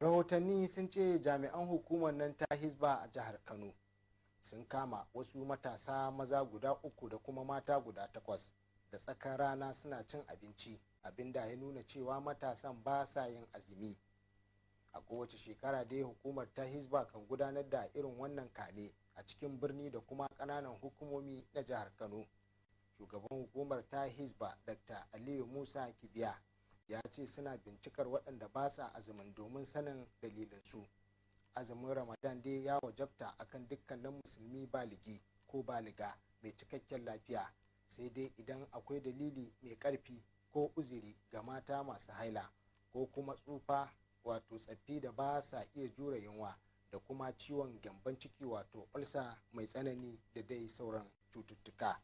rahotanni sun ce jami'an hukumar nan ta hisba a jihar kano sun kama wasu matasa maza guda uku da kuma mata guda takwas da tsakar rana suna cin abinci abinda ya nuna cewa matasan ba sa yin azumi a kowace shekara dai hukumar ta hisba kan gudanar da irin wannan kame a cikin birni da kuma kananan hukumomi na jihar kano shugaban hukumar ta hisba dr aliyu musa kibiya ya ce suna bincikar waɗanda ba sa azumin domin sanin dalilinsu azumin ramadan dai ya wajabta akan dukkanin musulmi baligi ko baliga mai cikakken lafiya sai dai idan akwai dalili mai ƙarfi ko uzuri ga mata masu haila ko kuma tsufa wato tsaffi da ba sa iya jure yunwa da kuma ciwon gyamban ciki wato ulsa mai tsanani da dai sauran cututtuka.